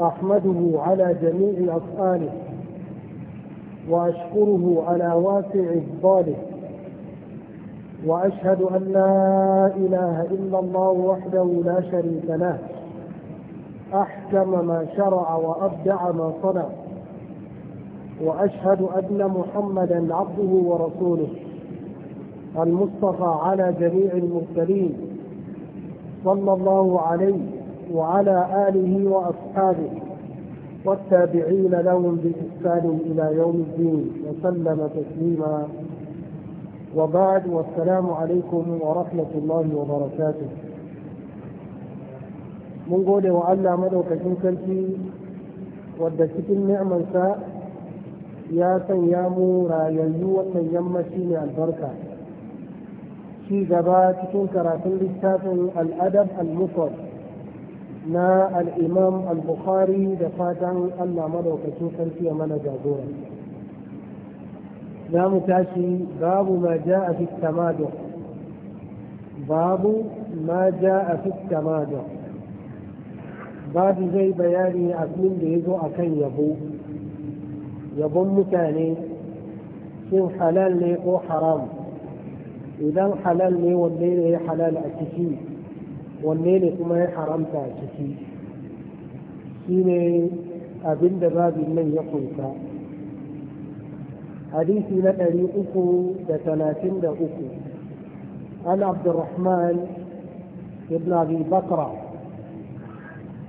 أحمده على جميع أفعاله وأشكره على واسع إفضاله وأشهد أن لا إله إلا الله وحده لا شريك له أحكم ما شرع وأبدع ما صنع وأشهد أن محمدا عبده ورسوله المصطفى على جميع المرسلين صلى الله عليه وعلى آله وأصحابه والتابعين لهم بإحسان إلى يوم الدين وسلم تسليما وبعد والسلام عليكم ورحمة الله وبركاته من قول وعلى ملوك جنسلتي ودكت النعمة سا يا سيام رايلي وسيام شيني البركة في جبات تنكر في الأدب المفرد na al'imam al-bukhari da fatan allah madaukakin sarki ya mana jagora za mu tashi babu ma ja a fi tamado babu ma ja a fi tamado babu zai bayani abin da ya zo a kan yabo yabon mutane shin halal ne ko haram idan halal ne wanne ne halal a cikin wanne ne kuma ya haramta a ciki shi حديث نقري أكو عن عبد الرحمن بن أبي بكر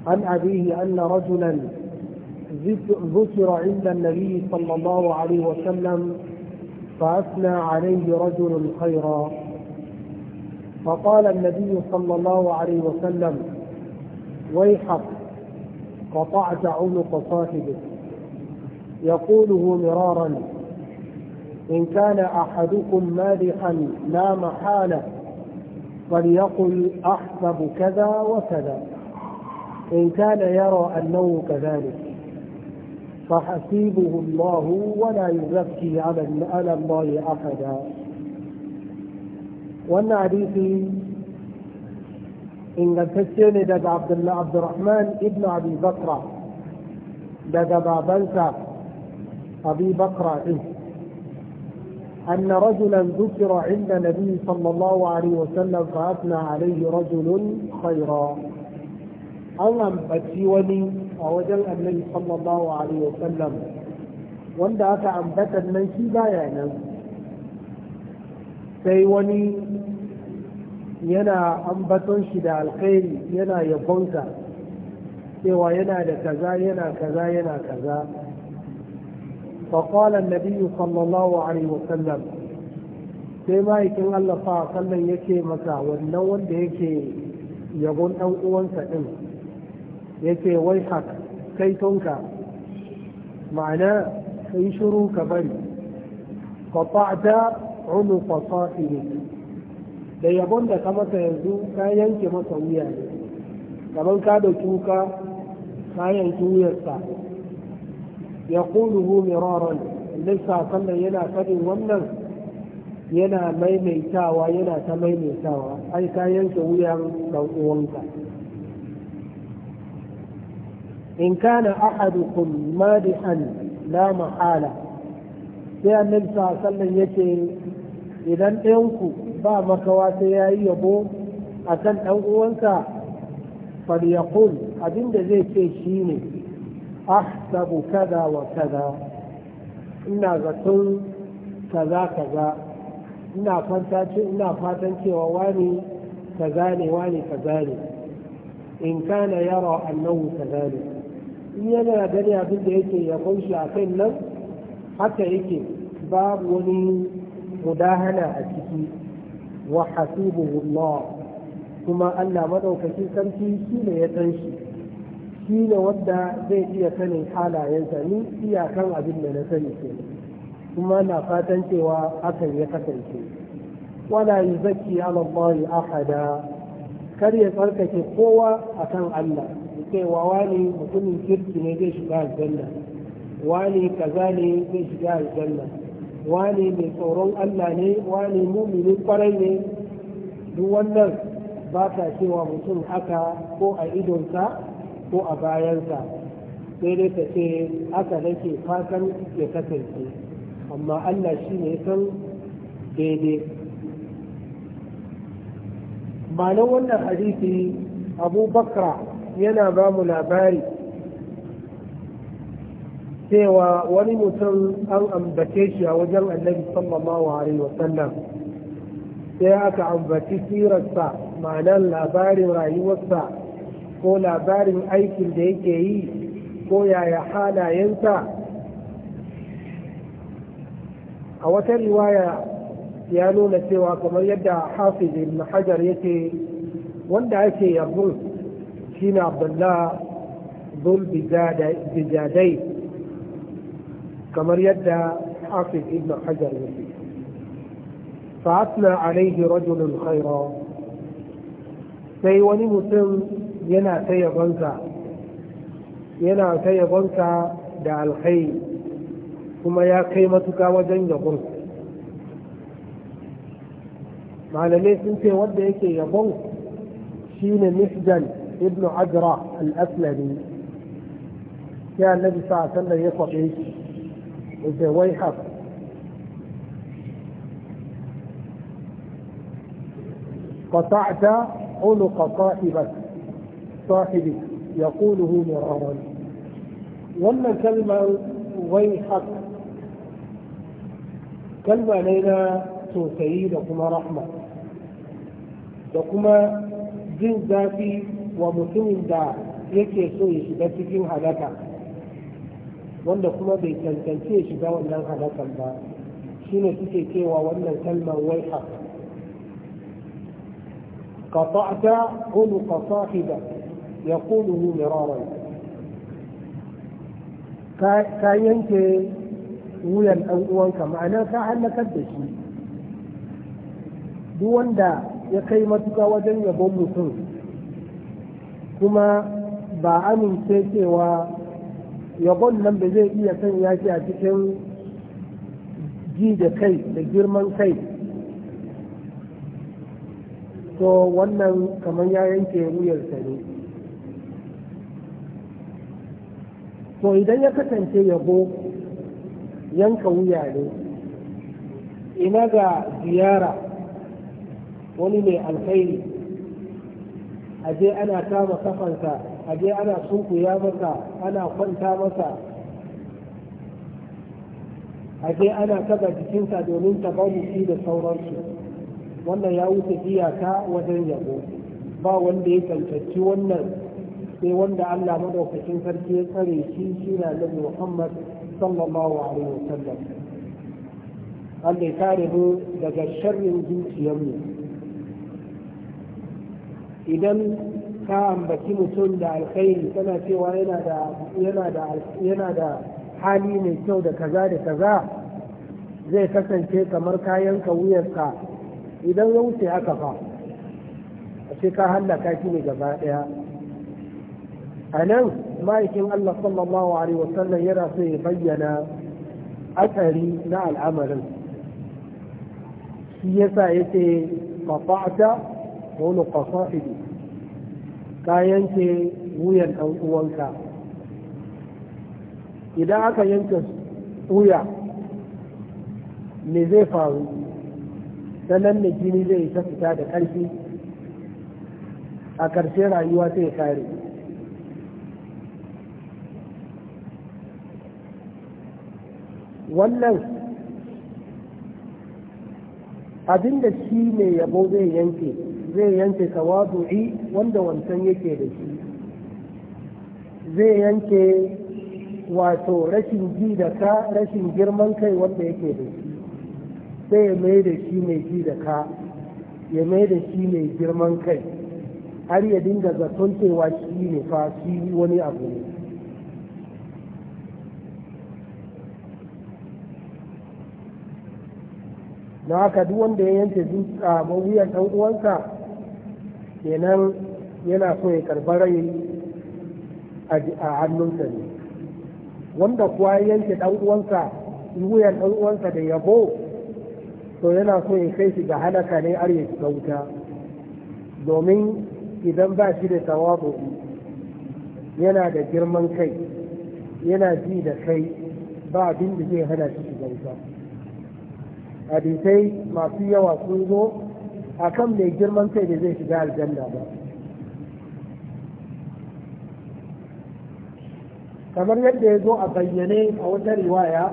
عن أبيه أن رجلا ذكر عند النبي صلى الله عليه وسلم فأثنى عليه رجل خيرا فقال النبي صلى الله عليه وسلم ويحك قطعت عنق صاحبك يقوله مرارا إن كان أحدكم مالحا لا محالة فليقل أحسب كذا وكذا إن كان يرى أنه كذلك فحسيبه الله ولا يزكي على الله أحدا وأن حديثي إن قد تسيني دد عبد الله عبد الرحمن ابن أبي بكرة دد بابنسا أبي بكرة إيه أن رجلا ذكر عند النبي صلى الله عليه وسلم فأثنى عليه رجل خيرا ولي أتيوني أوجل النبي صلى الله عليه وسلم وأن أتى أنبت النبي بايعنا يعني sai wani yana ambaton shi da alkhairi yana yabonka cewa yana da kaza yana kaza yana kaza فقال النبي صلى الله عليه وسلم sai ma'aikin Allah fa kallon yake masa wannan wanda yake yabon ɗan uwansa ɗin yake wai hak kai tonka ma'ana kai shiru ka bari قطعت unuqa ne. da yabon da ka masa yanzu ka yanke masa wuya kamar ka da wuka ka yanki wuyarsa ya kuluhu miraran lissa sannan yana faɗin wannan yana maimaitawa yana ta maimaitawa ai ka yanke wuyan dan uwanka in kana ahadukum madihan la mahala sai annabi sallallahu alaihi wasallam yace idan ɗayanku ba makawa sai ya yi yabo a kan ɗan uwansa falyakul abinda zai ce shi ne sabu kada wa kada. ina zaton kaza kaza ina fanta ce ina fatan cewa wani kaza ne wani kaza ne in kana yara annahu kaza ne in yana gani abin da yake ya kunshi a kan nan haka yake babu wani mudahana a ciki wa hasibuhu Allah kuma Allah madaukakin sarki shi ne ya san shi ne wanda zai iya kanin halayensa ni iyakan abin da na sani ke kuma na fatan cewa akan ya kasance wala yuzakki ala Allah ahada kar ya tsarkake kowa akan Allah cewa wani mutumin kirki ne zai shiga aljanna wani kaza ne zai shiga aljanna Wani mai tsoron Allah ne wani mumini kwarai ne duk wannan ba ta cewa mutum haka ko a idonsa ko a bayansa sai dai ta ce haka nake fatan ya kasance amma Allah shi ne san daidai ma'anar wannan hadisi abu bakra yana ba mu labari cewa wani mutum an ambace shi a wajen annabi sallallahu alaihi sallam sai aka ambaci sirarsa ma'anar labarin rayuwarsa ko labarin aikin da yake yi ko yaya halayensa a wata riwaya ya nuna cewa kamar yadda hafiz ibn hajar yake wanda ake yabon shine abdullah bul bijadai كما يدعى حافظ ابن حجر المسيح فأثنى عليه رجل خيرا سي وني مسلم ينا سي بنسا ينا سي بنسا دع الخير ثم يا كيمتك وجن يقول ما لليس انت وديك يقول شين مسجن ابن عجرة الأسلمي كان النبي صلى الله عليه وسلم يصبح قلت ويحك قطعت عنق صاحبك صاحبك يقوله مرارا وما كلمة ويحك كلمة لنا توسعي لكما رحمة لكما جن ذاتي ومسلم دا يكي so ya shiga cikin wanda kuma bai cancance ya shiga wannan halakan ba shine suke cewa wannan kalmar wai haka قطعت عنق صاحبه يقوله مرارا ka yanke wuyan ɗan uwanka ma'ana ka hallakar da shi duk wanda ya kai matuka wajen yabon mutum kuma ba amince cewa yabon nan da zai iya sanya shi a cikin ji da kai da girman kai to wannan kamar ya yanke wuyarsa ne to idan ya kasance yabo yanka wuya ne ina ga ziyara wani mai alkhairi a je ana kama kafansa a je ana sunkuya masa ana kwanta masa aje je ana taba jikinsa domin ta tabaruki da sauransu wannan ya wuce iyaka wajen yabo ba wanda ya cancanci wannan sai wanda Allah madaukakin sarki ya tsare shi shi na nabi Muhammad sallallahu alaihi wasallam Allah ya kare mu daga sharrin zuciyarmu idan ka ambaci mutum da alkhairi tana cewa yana da hali mai kyau da kaza da kaza zai kasance kamar kayan ka wuyarka idan ya wuce haka fa a ka hallaka shi ne gaba daya a nan ma'aikin Allah sallallahu alaihi wasallam yana so ya bayyana asari na al'amarin shi yasa yace qata'ta wa qasa'idi ka yanke wuyan ɗan uwanka idan aka yanke wuya me zai faru sannan ne jini zai ta fita da ƙarfi a ƙarshe rayuwa sai kare wannan abinda shi mai yabo zai yanke zai yanke tawadu'i wanda wancan yake da shi zai yanke wato rashin ji da ka rashin girman kai wanda yake da shi sai ya mai da shi mai ji da ka ya mai da shi mai girman kai har ya dinga zaton cewa shi ne fa shi wani abu ne na haka duk wanda ya yanke zuciya mawuyar ɗan uwansa kenan yana so ya karɓar rai a hannunsa ne wanda kuwa yanke ɗan'uwansa, uwansa wuyan ɗan uwansa da yabo to yana so ya kai shi ga halaka ne har ya shiga wuta domin idan ba shi da tawabu yana da girman kai yana ji da kai ba abin da zai hana shi shiga wuta hadisai masu yawa sun zo akan mai girman kai da zai shiga aljanna ba kamar yadda ya zo a bayyane a wata riwaya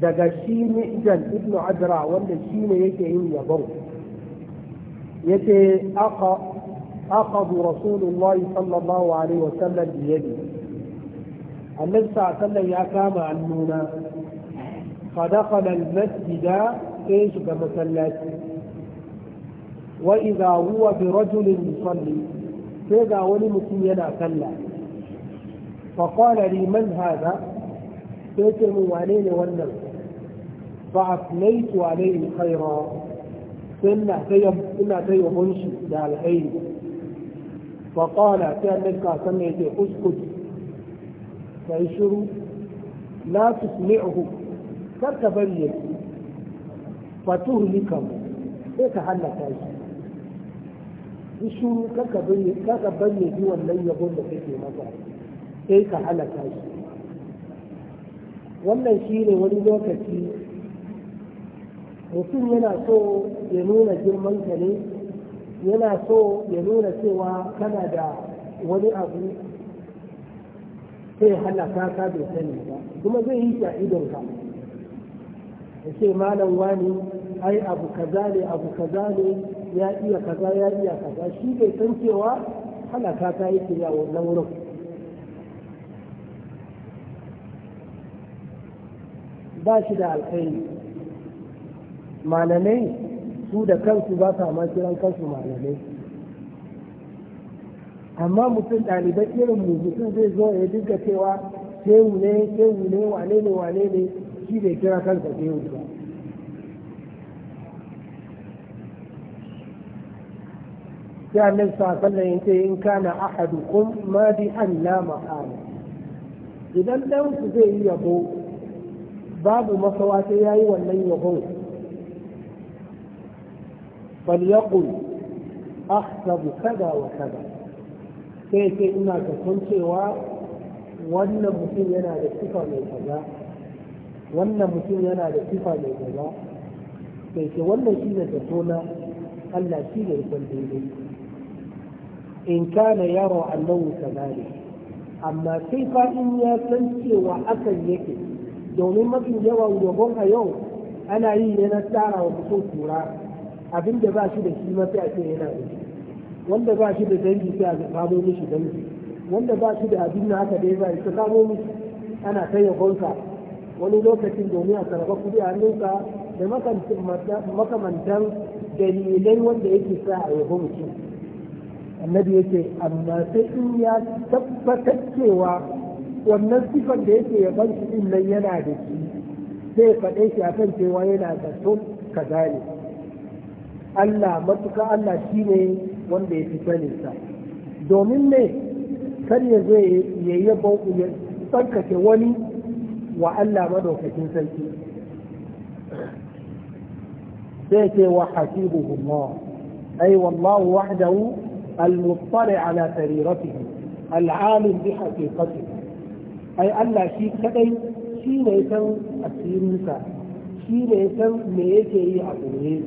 daga shi ne mijan ibn adra wanda shi ne yake yin yabon yace aka أخذ rasulullahi sallallahu alaihi الله عليه وسلم بيدي النبي صلى الله عليه وسلم يقام عنونا فدخل المسجد ايش masallaci wa idza huwa bi rajulin yusalli sai ga wani mutum yana sallah fa qala li man hada sai ce mun wane ne wannan fa afnaitu alayhi khaira sai ina ta ina ta yabon shi da alkhairi fa qala sai annabi ka sanne yake uskut sai shiru la tusmi'uhu kar ka bari yake fatuhlikahu sai ka hallaka shi kaka shuru kaka banne bi wannan yabon da kake masa sai ka halaka shi wannan shi ne wani lokaci mutum yana so ya nuna girman ka ne yana so ya nuna cewa kana da wani abu sai halaka ka bai sani ba kuma zai yi a ka. ya ce malam wani ai abu kaza ne abu kaza ne ya iya kaza ya iya kaza shi bai san cewa halaka ta yake ya wannan wurin ba shi da alkhairi malamai su da kansu ba sa ma kiran kansu malamai amma mutum ɗalibai irin mu mutum zai zo ya dinga cewa shehu ne shehu ne wane ne wane ne shi bai kira kansa shehu ba sai annabi sa sallan yace in kana ahadukum ma bi an la mahala idan dan ku zai yi yabo babu masawa sai yayi wannan yabo falyaqul ahsabu kada wa kada sai ce ina ga cewa wannan mutum yana da sifa mai kaza wannan mutum yana da sifa mai kaza sai ce wannan shi ne da tona Allah shi ne da daidai in kana yaro annahu kadhalik amma sai fa in ya san cewa akan yake domin mafi yawa yabon a yau ana yi ne na tsara wa mutum kura abin da ba shi da shi mafi a ce yana da wanda ba shi da dangi sai a samo mishi dangi wanda ba shi da abin na haka dai za a samo mishi ana ta yabonsa wani lokacin domin a sarrafa kuɗi a nuka da makamantan dalilai wanda yake sa a yabo mutum annabi yake amma sai in ya tabbatar cewa wannan sifan da yake ya ban shi nan yana da shi sai faɗe shi a kan cewa yana da so ka gane Allah matuka Allah shi ne wanda ya fi sani sa domin ne kar ya zo ya yabo ya tsarkake wani wa Allah madaukakin sarki sai ce wa hasibuhu ma ai wallahu wahdahu المطلع على سريرته العالم بحقيقته أي ألا شيء كأي شيء ليسن أسيرنسا شيء ليسن ميكي أبوه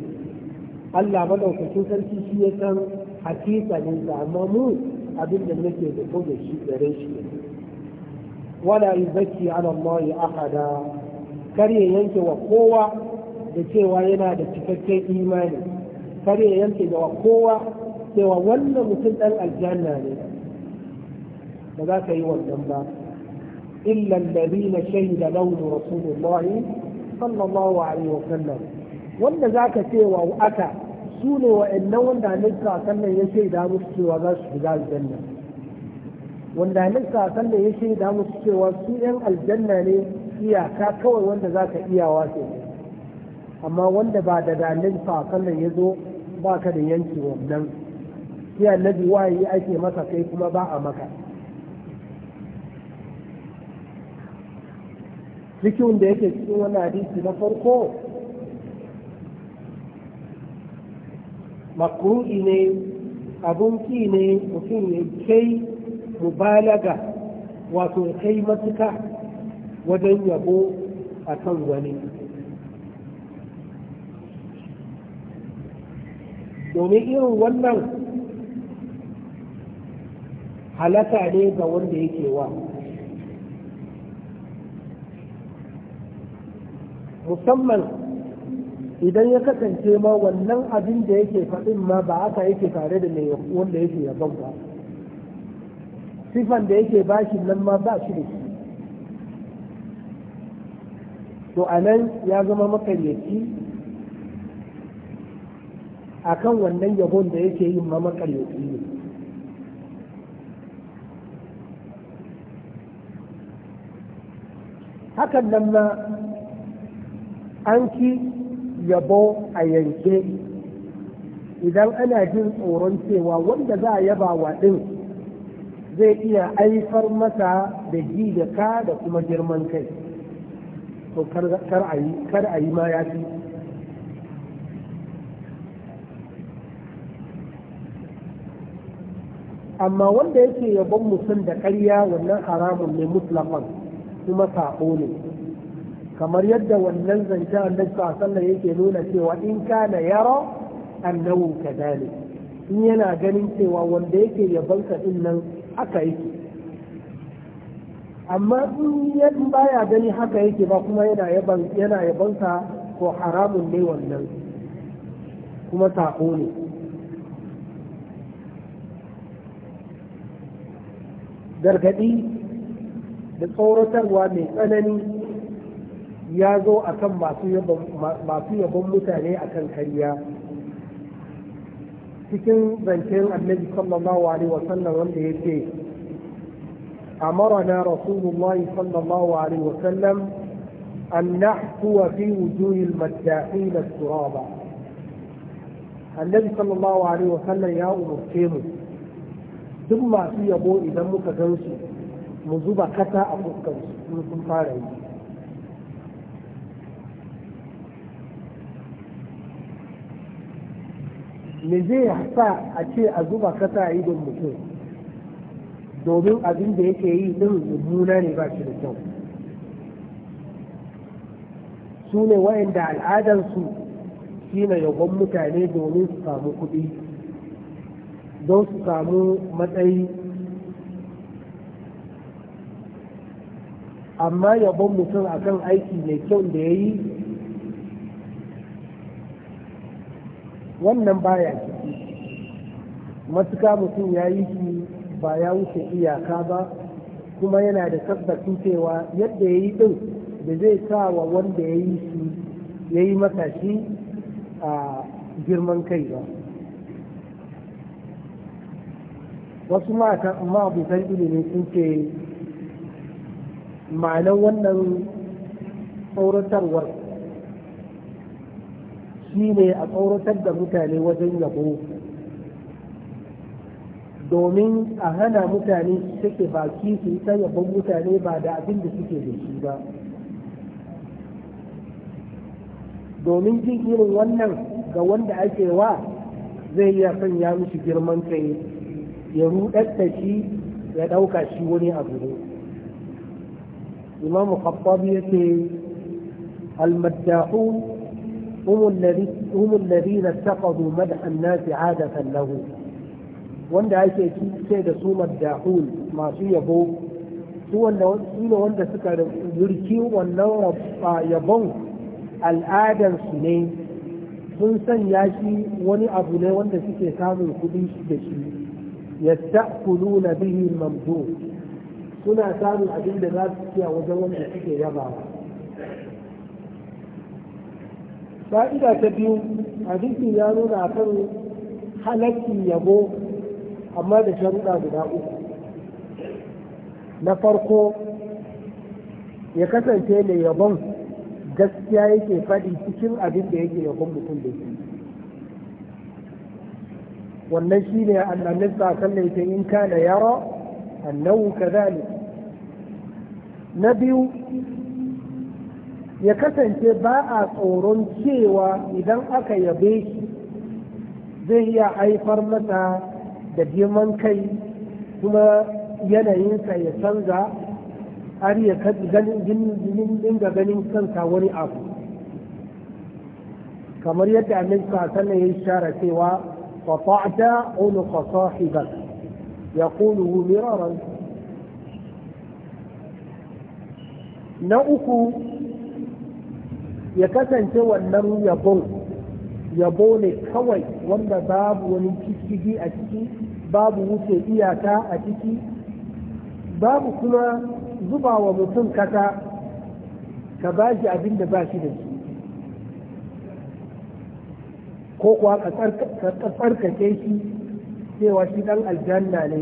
ألا بدأ كتوكا شيء ليسن حقيقة لنسا مموت abin da nake da ko da shi gare shi wala yuzaki ala Allah ahada kar ya yanke wa kowa da cewa yana da cikakken imani kar ya yanke da kowa cewa wannan mutum ɗan aljanna ne ba za ka yi wannan ba illa alladhina shahida lahu rasulullah sallallahu alaihi wa sallam wanda za ka cewa aka su ne wa'annan wanda halitta sannan ya shaida musu cewa za su shiga aljanna wanda halitta sannan ya shaida musu cewa su yan aljanna ne iyaka kawai wanda za ka iyawa ce amma wanda ba da dalilin sannan ya zo ba ka da yanki wannan sai annabi wahayi ake maka kai kuma ba a maka cikin da yake cikin wannan hadisi na farko makru'i ne abun ki ne mutum ya kai mubalaga wato ya kai matuka wajen yabo a kan wani domin irin wannan halaka ne ga wanda yake wa musamman idan ya kasance ma wannan abin da yake faɗin ma ba aka yake tare da mai wanda yake yabon ba sifan da yake bashi nan ma ba shi da shi to a nan ya zama makaryaci a kan wannan yabon da yake yin ma makaryaci ne hakan nan na an ki yabo a yanke idan ana jin tsoron cewa wanda za a yaba wa ɗin zai iya aifar masa da ji da ka da kuma girman kai to kar a yi ma ya fi amma wanda yake yabon mutum da ƙarya wannan haramun ne mutlaqan kuma saƙo ne kamar yadda wannan zance annabi sallallahu yake nuna cewa in kana yara ka kadhalik in yana ganin cewa wanda yake yabansa din nan haka yake amma in baya gani haka yake ba kuma yana yaban yana ko haramun ne wannan kuma saƙo ne gargaɗi da tsoratarwa mai tsanani ya zo a kan masu yabon mutane a kan kariya cikin zancen annabi sallallahu alaihi wasallam wanda ya ce أمرنا رسول الله صلى الله عليه وسلم أن نحفو في وجوه المداحين الترابا النبي صلى الله عليه وسلم يا أمر ثم في أبو إذا متجوشي mu zuba kasa a fuskar su sun fara yi me zai sa a ce a zuba kasa a idon mutum domin abin da yake yi din mummuna ne ba shi da kyau su ne wa'anda al'adarsu shi ne yabon mutane domin su samu kuɗi don su samu matsayi amma yabon mutum akan aiki mai kyau da ya yi wannan baya ciki matuka mutum ya yi shi ba ya wuce iyaka ba kuma yana da tabbacin cewa yadda ya yi din da zai sa wa wanda ya yi shi ya yi shi a girman kai ba wasu mata amma abokan ilimi sun ce ma'anar wannan tsoratarwar shi ne a tsoratar da mutane wajen yabo domin a hana mutane su take baki su yi yabon mutane ba da abin da suke da shi ba domin jin irin wannan ga wanda ake wa zai iya ya mishi girman kai ya rudar da shi ya ɗauka shi wani abu ne. إمام خطابية المداحون هم, هم الذين اتخذوا مدح الناس عادة له وند عايش يكيد سيدة سو مداحون ما سوية بو سوى أن وند سكر يركيو ونو يبون الآدى سنين sun yashi wani abu ne wanda suke suna samun abin da za su ciya wajen wanda suke yabawa fa'ida ta biyu hadisi ya nuna a kan halakkin yabo amma da sharuɗa guda uku na farko ya kasance mai yabon gaskiya yake faɗi cikin abin da yake yabon mutum da shi wannan shi ne annabi sa kan in kana yaro أنه كذلك biyu ya kasance ba a tsoron cewa idan aka yabe shi zai iya haifar masa da girman kai kuma yanayinsa ya canza har ya ganin dinga ganin kansa wani abu kamar yadda annabi sallallahu alaihi ya shara cewa fata'ta unuqa sahibak يقوله مرارا na uku ya kasance wannan yabo yabo ne kawai wanda babu wani cikigi a ciki babu wuce iyaka a ciki babu kuma zuba wa mutum kasa ka ba shi abin da ba shi da shi ko kuwa ka tsarkake shi cewa shi dan aljanna ne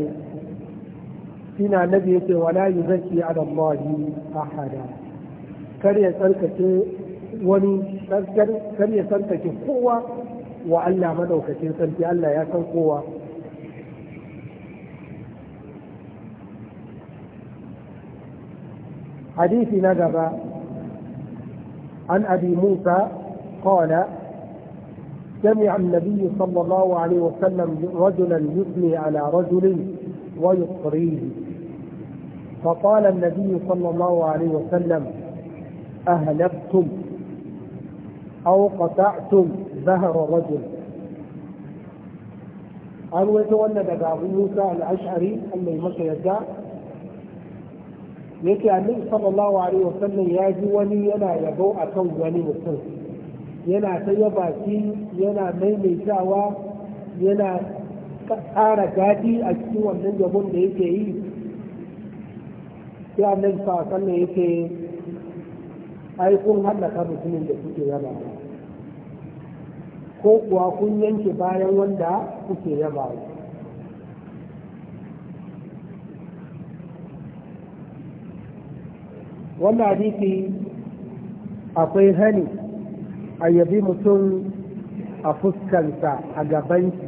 shina nabi yake wala yuzaki ala Allah ahada kar ya tsarkake wani kar ya tsarkake kowa wa Allah madaukakin sarki Allah ya san kowa حديثنا نجبة عن أبي موسى قال سمع النبي صلى الله عليه وسلم رجلا يثني على رجل ويقريه فقال النبي صلى الله عليه وسلم اهلكتم او قطعتم ظهر رجل أن يتولد أبو موسى الأشعري أن يمشي يجاء يكي النبي صلى الله عليه وسلم يا جواني أنا يبو أكون جواني yana ta baki yana maimaitawa yana ƙara gadi a cikin wannan yabon da yake yi sai annabi sa yake ai kun hallaka mutumin da kuke yaba ko kuwa kun yanke bayan wanda kuke yaba wannan hadisi akwai hani a yabi mutum a fuskansa a gabanki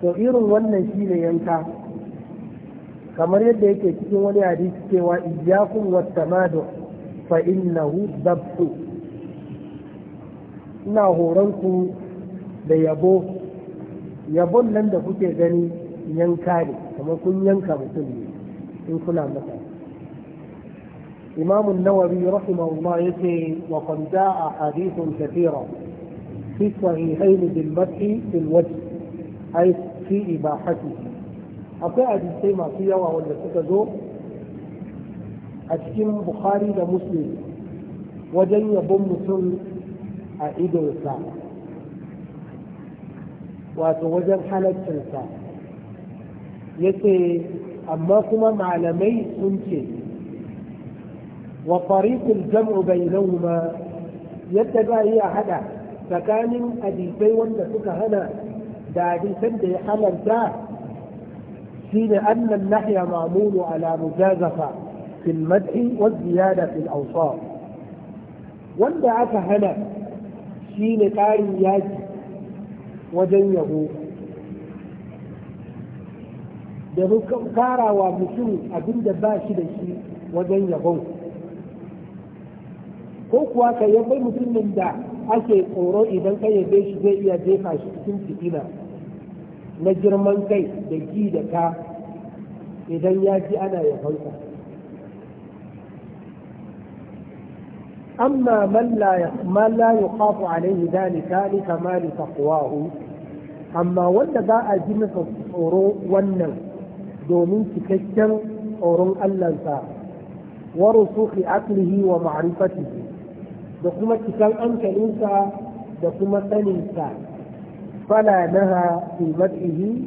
to irin wannan shi ne yanka kamar yadda yake cikin wani hadisi cewa wata mado fa innahu dabtu ina horonku da yabo yabon nan da kuke gani yanka ne kamar kun yanka mutum ne in kuna masa إمام النووي رحمه الله يتي وقد جاء أحاديث كثيرة في الصحيحين بالمدح في الوجه أي في إباحته أقول أجل ما فيها وهو الذي أتكلم بخاري ومسلم وجن يبن مسلم أعيد الإسلام وتوجن حالة الإسلام يتي أما كما معلمي سنتي وطريق الجمع بينهما يتبع هي حدا فكان حديثي وانت هنا ده حديثين ده حلال ده حين أن النحي معمول على مجازفة في المدح والزيادة في الأوصاف وانت عفا هنا حين قارن ياجي وجنه da kara wa mutum abin da ba shi da shi wajen yabon ko kuwa ka yabe mutumin da ake tsoro idan ka yabe shi zai iya jefa shi cikin fitina na girman kai da gi da ka idan ya ji ana ya yabansa amma man la ya a nan yuqafu alaihi dalika li kamali taqwahu amma wanda za a ji masa tsoro wannan domin cikakken tsoron allansa wa rusukhi aklihi wa ma'arifatihi da kuma amsa hankalinsa da kuma saninsa fala naha fi mad'ihi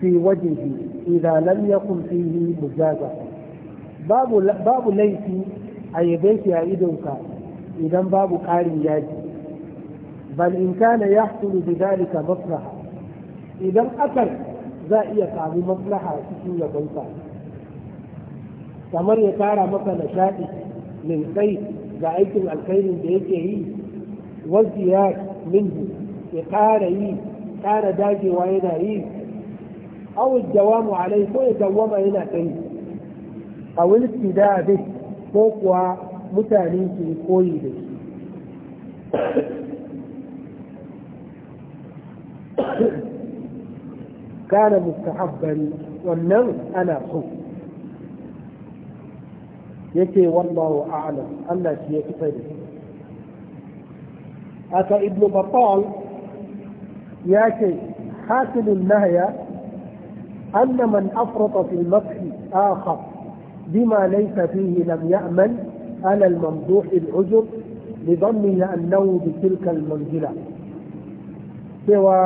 fi wajihi idan lam yakun fihi mujaza babu babu laifi a yabe shi a idonka idan babu ƙarin yaji bal in kana yahsulu bidalika maslaha idan akan za iya samu maslaha a cikin yabonsa kamar ya kara maka nishaɗi min kai بعيد من الكيل بيجي وزياك منه إقاري كان داجي وإنا أو الدوام عليه هو يدوم إلى كيل أو الابتداء به فوقها متانين في به كان مستحبا والنوم أنا صوت yake wallahu a'lam Allah shi yake fitar da aka ibn battal yake hasil nahya anna man afrata fil madhi akhar bima laysa fihi lam ya'mal ala al mamduh al يأمن li dhanni annahu bi tilka al manzila سوى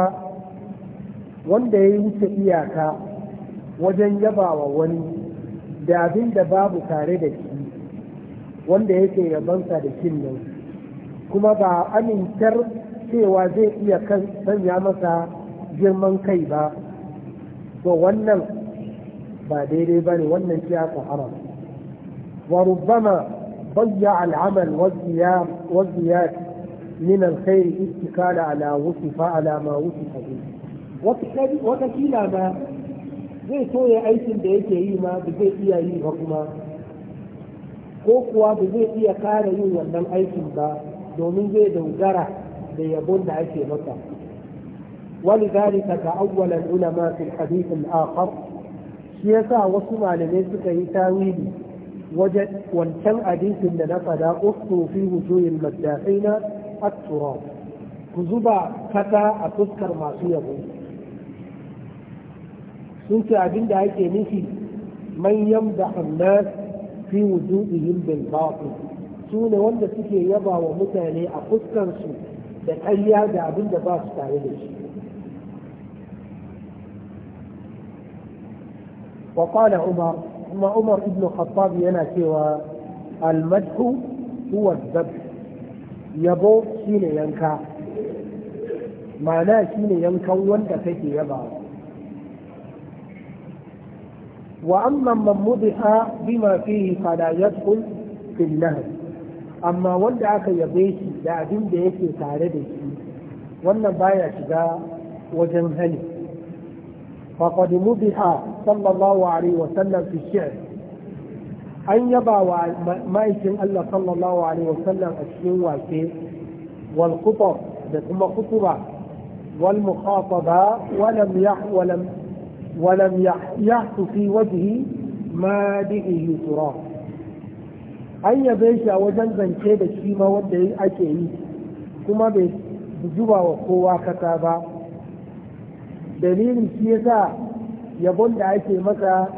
wanda ya wuce iyaka wajen yabawa wani da abin da babu tare da shi wanda yake yabansa da kin nan kuma ba amintar cewa zai iya kan sanya masa girman kai ba to wannan ba daidai ba ne wannan siyasa haram wa rubbama ضيع العمل والزياد والزياد من الخير اتكال على وصف على ما وصف به وتكيل ما zai so ya aikin da yake yi ma da zai iya yi ba kuma ko kuwa ba zai iya kare yin wannan aikin ba domin zai daudara da yabon da ake masa. wani gari ta ga awwalan ulama fil hadithin akhar shi yasa wasu malamai suka yi tarihi wajen wancan hadithin da na fada ustu fi wujuhil maddaqina at-turab ku zuba kasa a fuskar masu yabo sun ce abin da ake nufi man da annas fi wujudihim bil batil sune wanda suke yaba wa mutane a fuskansu da ƙarya da abin da ba su tare da shi wa umar kuma ibn khattab yana cewa al madhu huwa dab yabo shine yanka ma'ana shine yankan wanda kake yabawa واما من مدح بما فيه فلا يدخل في النهر اما ولد عك يبيتي لا دين بيك تاردش ولا بايع شجاع وجنهني فقد مدح صلى الله عليه وسلم في الشعر أن يضع ما يسمى الا صلى الله عليه وسلم الشيء والكيف والقطب ثم قطبة والمخاطبة ولم يح ولم ولم يحس في وجهه مادئه تراب an yabe shi a wajen zance da shi ma wanda ake yi kuma bai zuba wa kowa kasa ba dalilin shi yasa yabon da ake masa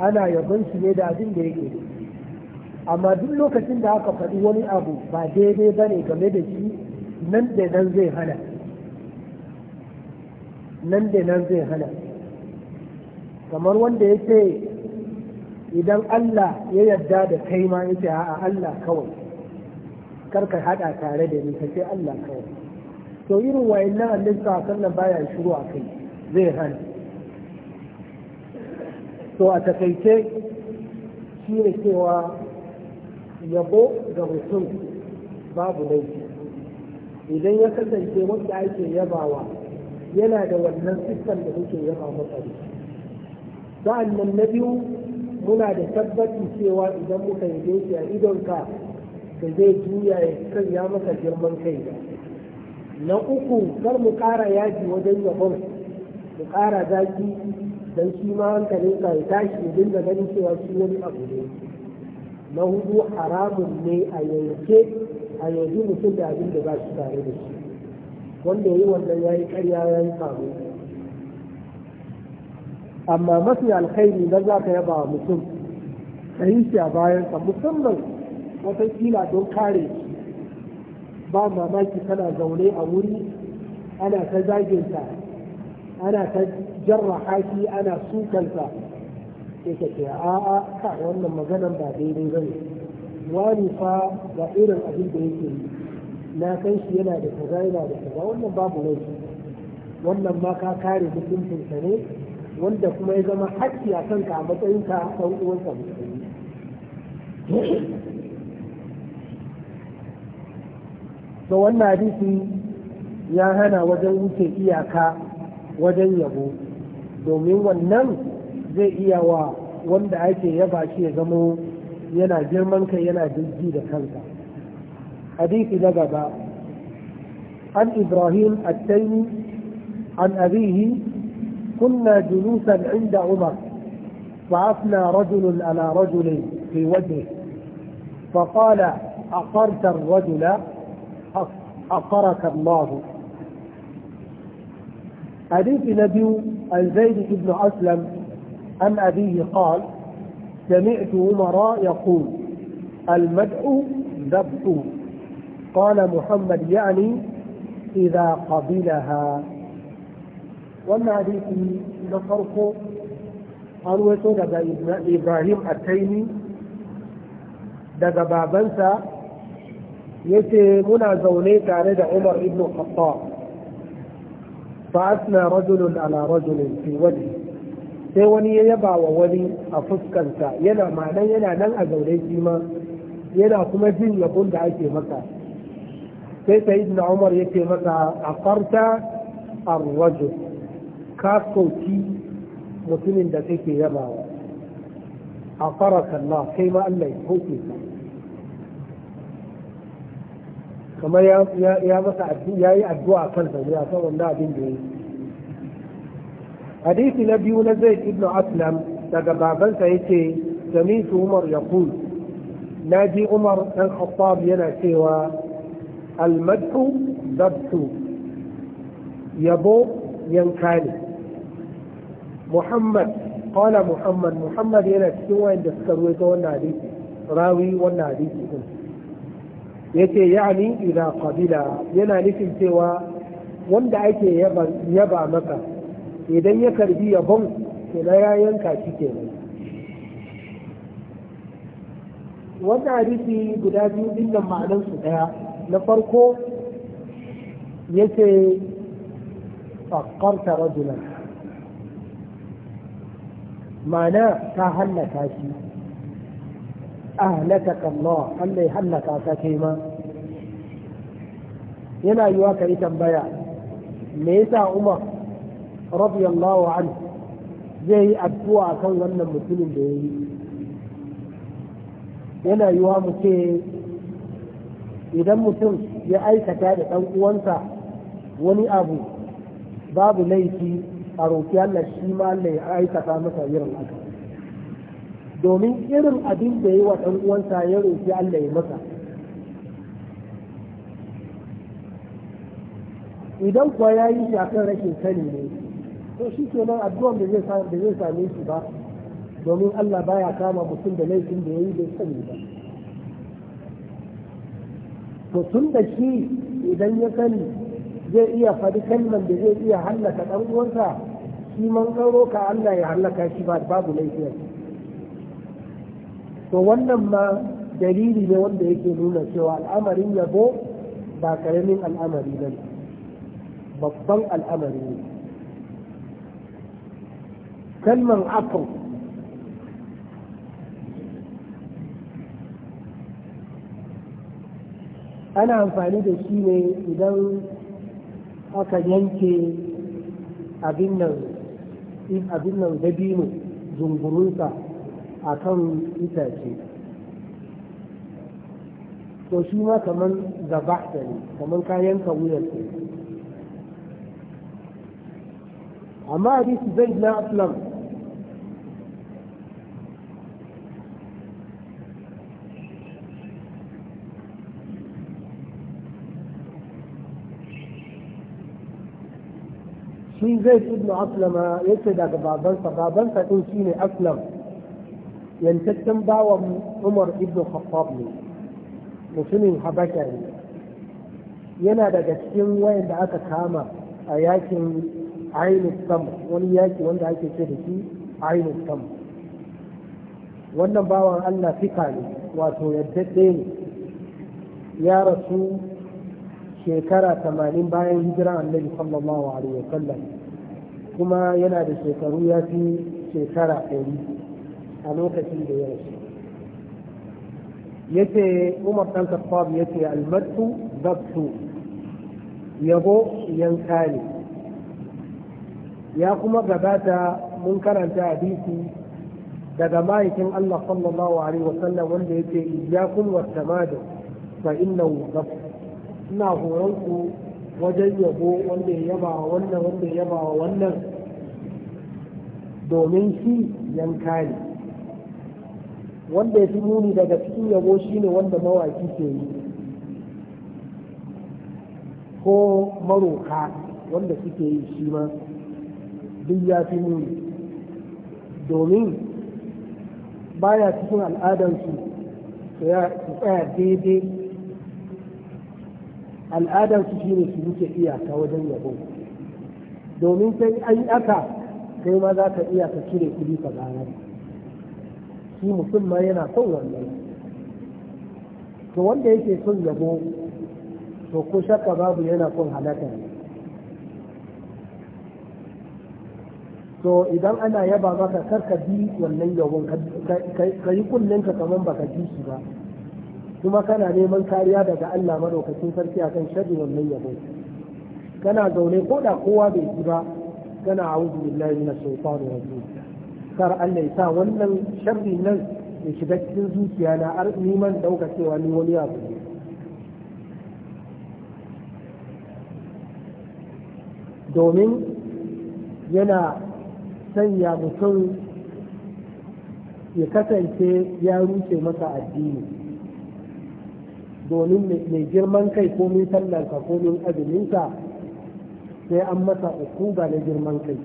ana yabon shi ne da abin da yake amma duk lokacin da aka faɗi wani abu ba daidai ba ne game da shi nan da nan zai hana nan da nan zai hana kamar wanda ya ce idan Allah ya yarda da kai ma ya ce a Allah kawai karka hada tare da ni kace Allah kawai to irin wayannan annabi sallallahu baya shiru a kai zai hana to a takaice shi ne cewa yabo ga mutum babu laifi idan ya kasance wanda ake yabawa yana da wannan siffar da muke yaba masa nan na biyu muna da tabbaci cewa idan muka yi shi a idonka da zai juya ya kan maka girman kai ba na uku kar mu ƙara yaji wajen yabon mu ƙara zaki don shi ma hankalin ka ya tashi idan da ganin cewa shi wani abu ne na hudu haramun ne a yanke a yanzu mutum da abin da ba shi tare da shi wanda ya yi wannan ya yi ƙarya ya yi amma mafi alkhairi na za ka yaba mutum ka yi shi a bayansa musamman watakila don kare ba mamaki kana zaune a wuri ana ta zaginta ana ta jarra haki ana sukansa sai ka ce a'a ka wannan maganan ba daidai ba ne wani fa ga irin abin da yake yi na san shi yana da kaza yana da kaza wannan babu rai wannan ma ka kare mutuncinsa ne wanda kuma ya zama hakki a kanka a matsayinka ɗan uwanka musulmi to wannan hadisi ya hana wajen wuce iyaka wajen yabo domin wannan zai iya wa wanda ake yaba shi ya zamo yana girman kai yana jirgi da kanka حديث na gaba an ibrahim التيمي عن أبيه كنا جلوسا عند عمر فعفنا رجل على رجل في وجهه فقال عقرت الرجل عقرك الله حديث نبي الزيد بن اسلم عن ابيه قال سمعت عمر يقول المدعو ذبح قال محمد يعني اذا قبلها wannan hadisi na farko an waso daga ibrahim attaini daga babansa yace muna zaune tare da umar ibn khattab فأثنى رجل على رجل في وجهه sai wani ya yaba wa wani a fuskansa yana ma'anan yana nan a zaune shi ma yana kuma jin yabon da ake maka sai sai umar ya ce maka a farta arwajul ka sauki mutumin da kake yabawa a faraka Allah kai ma Allah ya sauke ka kamar ya masa ya yi addu'a kan sa ne a kan wannan abin da ya yi hadisi na biyu na zai ibnu aslam daga babansa ya ce, samitu umar yaqul naji umar dan khattab yana cewa almadhu dabtu yabo yanka ne muhammad qala muhammad muhammad yana cikin da suka ruwaito wannan hadisi rawi wannan hadisi din yace ya'ni ila qabila yana nufin cewa wanda ake yaba maka idan ya karbi yabon na ya yanka shi kenan wannan hadisi guda biyu din nan ma'anar su daya na farko yace faqarta rajulan mana ta hallaka shi ahlaka Allah Allah ya hallaka ka kai ma yana yiwa ka yi tambaya me yasa Umar radiyallahu anhu zai yi addu'a kan wannan mutumin da yayi yana yiwa mu ce idan mutum ya aikata da ɗan uwansa wani abu babu laifi a roƙi Allah shi ma Allah aikata masa irin haka domin irin abin da yi wa ɗan uwansa ya roƙi Allah ya masa idan kuwa ya yi shi akan rashin sani ne to shi ke nan addu'an da zai same shi ba domin Allah baya kama mutum da laifin da ya yi bai sani ba to tun da shi idan ya sani zai iya faɗi kalman da zai iya hallaka ɗan uwansa shi man karo ka Allah ya hallaka shi ba babu laifi to wannan ma dalili ne wanda yake nuna cewa al'amarin yabo ba karamin al'amari ba ne babban al'amari ne kalman afon ana amfani da shi ne idan aka yanke abin nan abin nan dabino zungurunsa a kan itace to shi ma kamar gaba da ne kamar kayan kawuyar ne amma hadisi zai na aslam shi zai ibn aslama ya ce daga babansa babansa din shi ne aslam yantaccen bawan umar ibn khattab ne mutumin habasha ne yana daga cikin wayan da aka kama a yakin ainihin sam wani yaki wanda ake ce da shi ainihin sam wannan bawan allah fika ne wato yadda ne ya rasu shekara tamanin bayan hijiran annabi sallallahu alaihi wa sallam kuma yana da shekaru ya fi shekara ɗari a lokacin da ya rasu ce umar ɗan khattab yace almatu dabtu yabo yanka ne ya kuma gabata mun karanta hadisi daga ma'aikin Allah sallallahu alaihi wa sallam wanda yace iyyakum watamadu fa innahu dabtu ina horon ku wajen yabo wanda ya yaba wannan wanda ya yaba wannan domin shi yanka ne wanda ya fi muni daga cikin yabo shi ne wanda mawaki ke yi ko maroka wanda suke yi shi ma duk ya fi muni domin baya cikin al'adarsu su tsaya daidai al'adar su ne su wuce iyaka wajen yabo domin sai an aka kai ma za ka iya ka cire kuɗi ka gane shi mutum ma yana son wannan to wanda yake son yabo to ko shakka babu yana son halaka to idan ana yaba maka karka bi wannan yabon, ka yi kullum ka kaman baka ji shi ba kuma kana neman kariya daga Allah madaukakin sarki akan sharri wannan yabo kana zaune ko da kowa bai ji ba kana a'udhu billahi minash shaitani rajim kar Allah ya sa wannan sharri nan ya shiga cikin zuciya na ar niman dauka cewa ni wani abu domin yana sanya mutum ya kasance ya rufe masa addini domin mai girman kai ko min sallarka ko min sai an masa ga na girman kai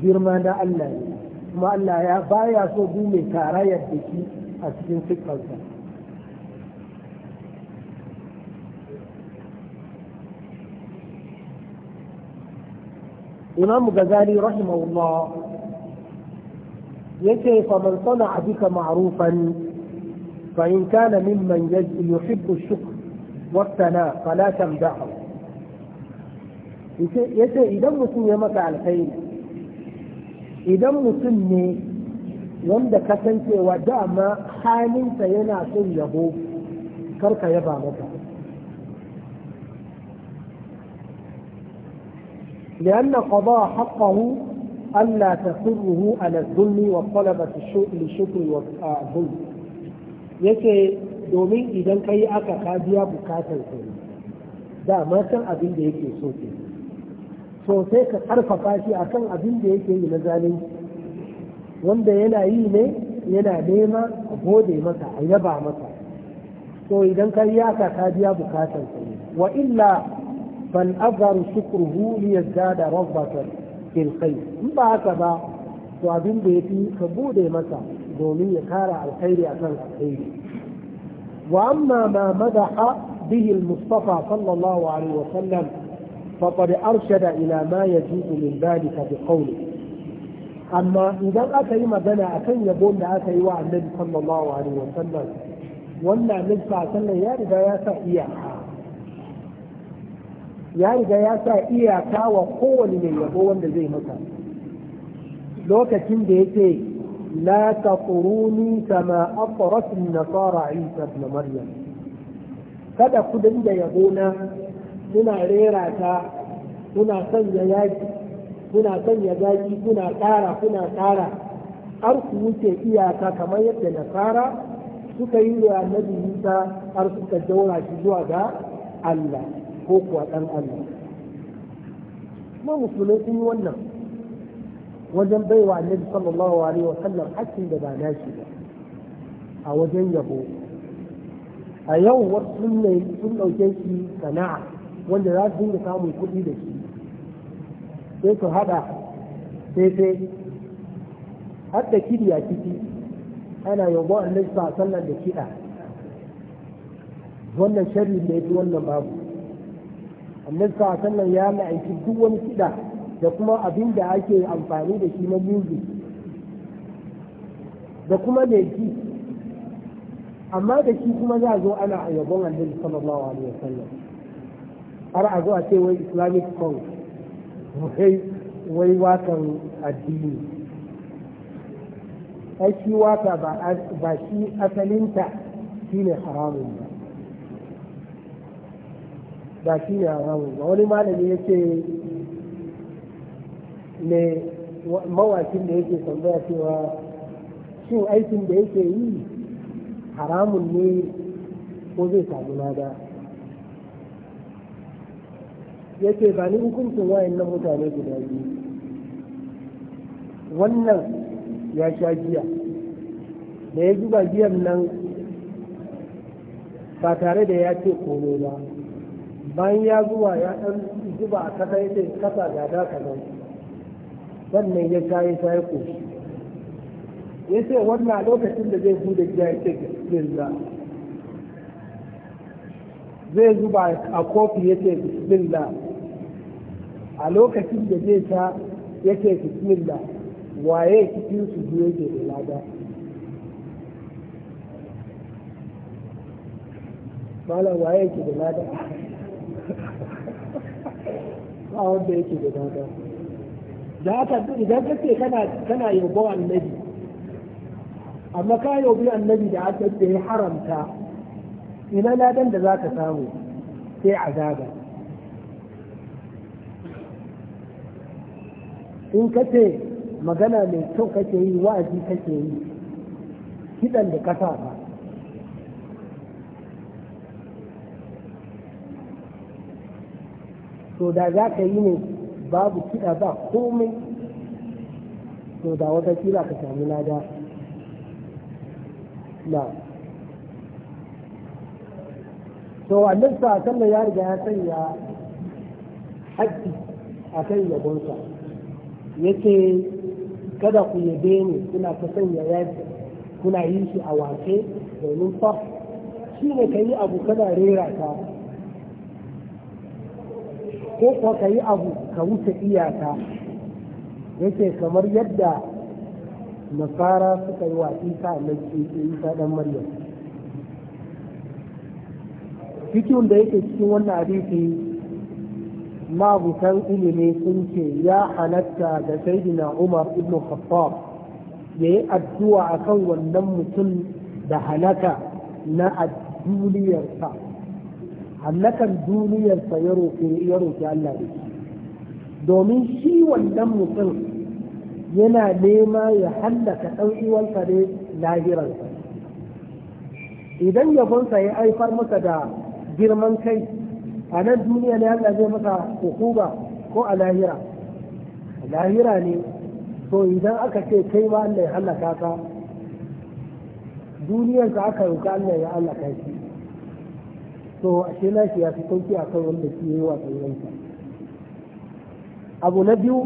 girma na Allah ne kuma Allah ya baya so du mai karayar da shi a cikin sikarsa imam gazali rahimahullah yake faman sana abika ma'rufan فإن كان ممن يحب الشكر والثناء فلا تمدحه yace idan mutum ya maka alkhairi idan mutum ne wanda kasancewa dama halinsa yana son yabo karka yaba maka لأن قضاء حقه ألا تسره على الظلم وطلبة الشكر والظلم yace domin idan kayi aka ka biya bukatar ne da matan abin da yake so ke so sai ka karfafa shi akan abin da yake yi na zane wanda yana yi ne yana nema a gode masa a yaba masa so idan kayi aka ka biya bukatar ka ne wa illa fal azharu shukruhu li yazdada rabbatan fil khair in ba haka ba to abin da yafi ka gode masa دومي كار الخير أكان الخير وأما ما مدح به المصطفى صلى الله عليه وسلم فقد أرشد إلى ما يجوز من ذلك بقوله أما إذا أتى مدنا أكن يقول أتى النبي صلى الله عليه وسلم وأن النبي صلى الله عليه وسلم يا رجاء إياها ya riga ya sa iyaka wa kowane mai yabo wanda zai لا تطروني كما أطرت النصارى عيسى ابن مريم kada ku dinga yabona kuna rera ta kuna sanya yaki kuna sanya zaki kuna ƙara kuna ƙara har ku wuce iyaka kamar yadda nasara suka yi wa annabi Isa har suka jaura shi zuwa ga Allah ko kuwa ɗan Allah kuma musulmai sun yi wannan wajen baiwa annabi sallallahu alaihi wa sallam hakkin da ba nashi ba a wajen yabo a yau wasu sun ɗauke shi sana'a wanda za su dinga samun kuɗi da shi sai su haɗa sai har da kiriya a ciki ana yabo annabi wa sallam da kiɗa wannan sharri ne wannan babu annabi sa sallan ya la'anci duk wani kiɗa da kuma abin da ake amfani da shi na music da kuma mai ji amma da shi kuma za a zo ana a yabon annabi sallallahu alaihi wasallam har a zo a ce wai islamic song wai wai wakan addini ai shi waka ba shi asalinta shi ne haramun ba ba shi ne haramun ba wani malami ya ce mai mawakin da yake tambaya cewa shin aikin da yake yi haramun ne ko zai samu nada, yake ba ni hukuncin wayan na mutane guda biyu wannan ya sha giya da ya zuba giyan nan ba tare da ya ce komai ba bayan ya zuwa ya ɗan zuba a kasa ya ce kasa gada kaza sannan ya kayi ta ya koshi ya ce wannan lokacin da zai bude gida ya ce bismillah zai zuba a kofi ya ce bismillah a lokacin da zai ta ya ce bismillah waye cikin su biyu yake da lada wala waye yake da lada ba wanda yake da lada da haka idan ka ce kana kana yabo annabi amma ka yabi annabi da aka ce ya haramta ina ladan da zaka samu sai azaba in ka ce magana mai kyau kake yi wa'azi kake yi kiɗan da kasa ba to da za ka yi ne babu kiɗa ba komai to da wata kila ka sami lada na to wannan sa kan ya riga ya sanya haƙƙi a kan yabonsa yake kada ku yabe ni kuna ta sanya yaji kuna yi shi a wace domin fa shi ne ka yi abu kana rera ka. ko kuwa ka yi abu ka wuce iyaka yake kamar yadda nasara suka yi wa isa annabi isa dan maryam cikin da yake cikin wannan hadisi kan ilimi sun ce ya halatta da sayyidina umar ibn khattab ya yi addu'a akan wannan mutum da halaka na duniyarsa hallakan duniyarsa ya roƙi Allah da shi domin shi wannan mutum yana nema ya hallaka ɗan uwansa ne lahirarsa idan yabonsa ya haifar masa da girman kai a nan duniya ne Allah zai masa hukuba ko a lahira lahira ne to idan aka ce kai ma Allah ya hallaka ka duniyarsa aka roƙa Allah ya hallaka shi to ashe na shi ya fi sauki a kan wanda shi yi wa tsayyansa abu na biyu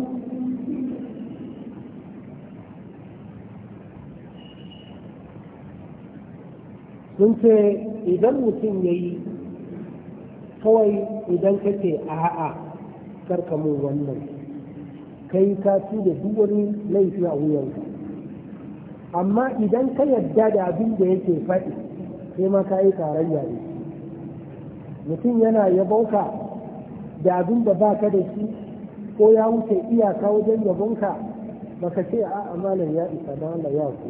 sun ce idan mutum ya yi kawai idan kake a'a karka mun wannan kai ka ci da duk wani laifi a wuyanka amma idan ka yarda da abin da yake faɗi sai ma ka yi tarayya ne mutum yana yabonka da abin da ba ka da shi ko ya wuce iyaka wajen yabonka baka ce a amalan ya isa da Allah ya ku